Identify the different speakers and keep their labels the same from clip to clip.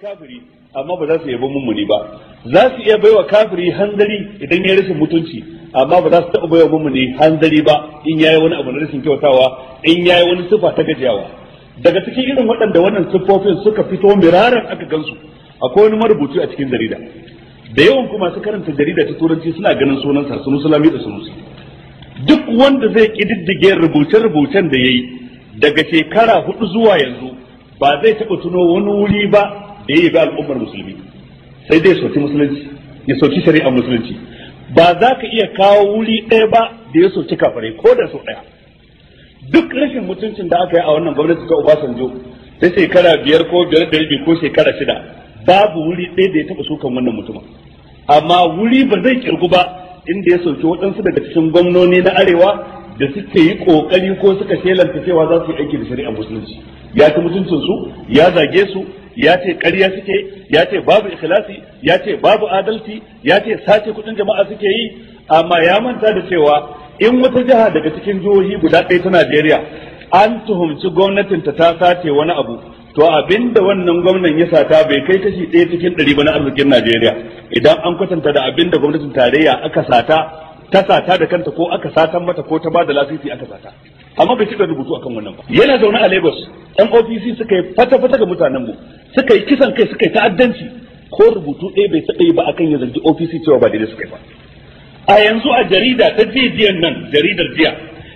Speaker 1: kafiri amma ba za su yabo mummuni ba za su iya baiwa kafiri hanzari idan ya rashin mutunci amma ba za su taɓa baiwa mummuni hanzari ba in yayi wani abu na rashin kyautawa in yayi wani sifa ta gajiyawa daga cikin irin waɗanda wannan siffofin suka fito miraran aka gansu akwai wani marubuci a cikin jarida da yawan kuma su karanta jarida ta turanci suna ganin sunansa sunu sulami da sunusi duk wanda zai kididdige rubuce-rubucen da ya yi daga shekara hudu zuwa yanzu ba zai taɓa tuno wani wuri ba da ya ga al'ummar musulmi sai dai soki musulunci ya soki shari'ar musulunci ba za ka iya kawo wuri ɗaya ba da ya soki kafirai ko da sau ɗaya duk rashin mutuncin da aka yi a wannan gwamnati ta Obasanjo ta shekara biyar ko biyar da rabi ko shekara shida babu wuri ɗaya da ya taɓa sukan wannan mutumin amma wuri ba zai kirgu ba inda ya soki waɗansu daga cikin gwamnoni na arewa da suke yi kokari ko suka shelanta cewa za su yi aiki da shari'ar musulunci ya ci mutuncinsu, ya zage su ya ce ƙarya suke ya ce babu ikhlasi ya ce babu adalci ya ce sace kuɗin jama'a suke yi amma ya manta da cewa in wata jiha daga cikin jihohi guda ɗaya ta Najeriya an tuhumci gwamnatin ta ta sace wani abu to abinda wannan gwamnan ya sata bai kai kashi ɗaya cikin ɗari ba na arzikin Najeriya idan an kwatanta da abinda gwamnatin tarayya aka sata ta sata da kanta ko aka satan mata ko ta ba da lasisi aka sata amma bai cika rubutu akan wannan ba yana zaune a Lagos ɗan OPC suka yi fata-fata ga mutanen mu suka yi kisan kai suka yi ta'addanci ko rubutu ɗaya bai taɓa yi ba akan ya zargi cewa ba daidai suka yi ba a yanzu a jarida ta jiya nan jaridar jiya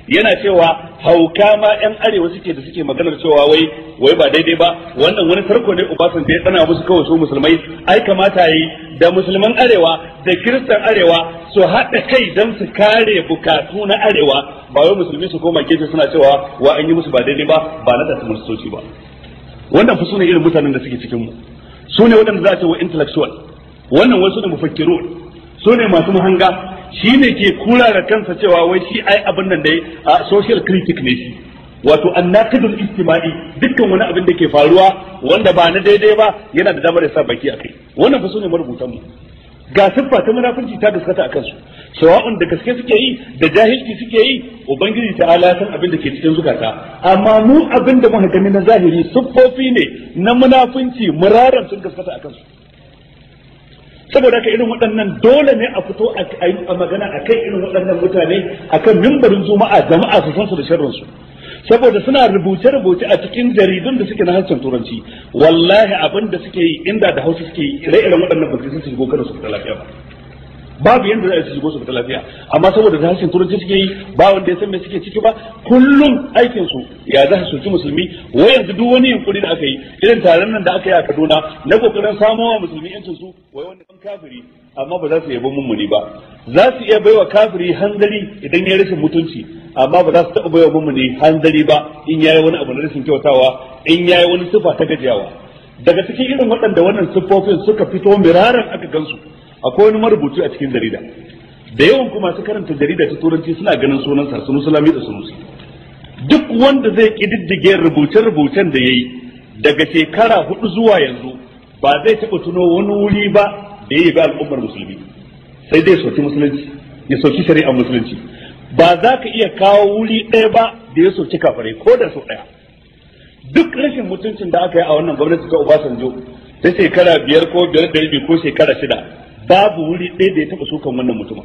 Speaker 1: yana cewa hauka ma yan arewa suke da suke maganar cewa wai wai ba daidai ba wannan wani tarko ne ubasan da ya tsana musu kawai su musulmai ai kamata yi da musulman arewa da kiristan arewa su haɗa kai don su kare bukatu na arewa ba wai musulmi su koma gefe suna cewa wa an yi musu ba daidai ba ba na da soci ba wannan fa sune irin mutanen da suke cikin mu sune waɗanda za a ce wa intellectual wannan wasu ne mufakkirun sune masu muhanga Shi ne ke kula da kansa cewa wai shi ai abin nan dai a social critic ne shi wato annaqidul istima'i dukkan wani abin da ke faruwa wanda ba na daidai ba yana da damar ya sa baki a kai. wannan fa sune marubutan mu ga siffa ta munafunci ta gaskata a kansu sawa'un da gaske suke yi da jahilci suke yi ubangiji ta ala san abin da ke cikin zukata amma mu abin da muka gani na zahiri siffofi ne na munafunci muraran sun gaskata a kansu saboda ka irin waɗannan dole ne a fito a magana a kan irin waɗannan mutane a kan mimbarin juma'a jama'a su san su da su saboda suna rubuce-rubuce a cikin jaridun da suke na harshen turanci wallahi abin da suke yi inda da hausa suke yi ire-iren waɗannan ba su shigo kada su fita lafiya ba babu yanda za a shigo su fita lafiya amma saboda da harshen turanci suke yi ba wanda ya san me suke ciki ba kullum aikinsu ya za su ci musulmi wai yanzu duk wani yunkuri da aka yi irin taron nan da aka yi a Kaduna na kokarin samo wa musulmi yancin su wai wanda kan kafiri amma ba za su yabo mummuni ba za su iya baiwa kafiri hanzari idan ya rashin mutunci amma ba za su taɓa baiwa mummuni hanzari ba in yayi wani abu na rashin kyautawa in yayi wani sifa ta gajiyawa daga cikin irin waɗanda wannan siffofin suka fito miraran aka gansu akwai wani marubuci a cikin jarida da yawan kuma su karanta jarida ta turanci suna ganin sunan sa sunu sulami da sunusi duk wanda zai kididdige rubuce-rubucen da yayi daga shekara hudu zuwa yanzu ba zai taɓa tuno wani wuri ba da yayi ga al'ummar musulmi sai dai soki musulunci ya soki shari'ar musulunci ba za ka iya kawo wuri ɗaya ba da ya soki kafare ko da so ɗaya duk rashin mutuncin da aka yi a wannan gwamnati ta Obasanjo ta shekara biyar ko biyar da ko shekara shida babu wuri ɗaya da ya taɓa sukan wannan mutumin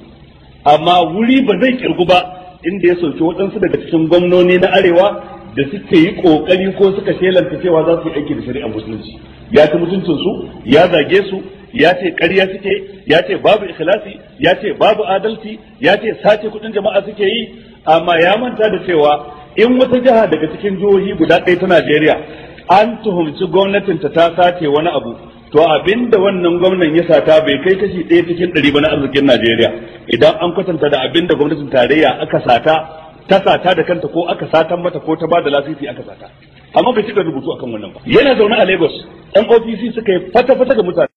Speaker 1: amma wuri ba zai kirgu ba inda ya sauke waɗansu daga cikin gwamnoni na arewa da suke yi ƙoƙari ko suka shelanta cewa za su yi aiki da shari'ar musulunci ya ci mutuncin su ya zage su ya ce ƙarya suke ya ce babu ikhlasi ya ce babu adalci ya ce sace kuɗin jama'a suke yi amma ya manta da cewa in wata jiha daga cikin jihohi guda ɗaya ta Najeriya an tuhumci gwamnatinta ta sace wani abu to abinda wannan gwamnan ya sata bai kai kashi ɗaya cikin ɗari ba na arzikin Najeriya idan an kwatanta da abinda gwamnatin tarayya aka sata ta sata da kanta ko aka satan mata ko ta ba da lasisi aka sata amma bai cika rubutu akan wannan ba yana zaune a Lagos MOPC suka yi fata-fata ga mutane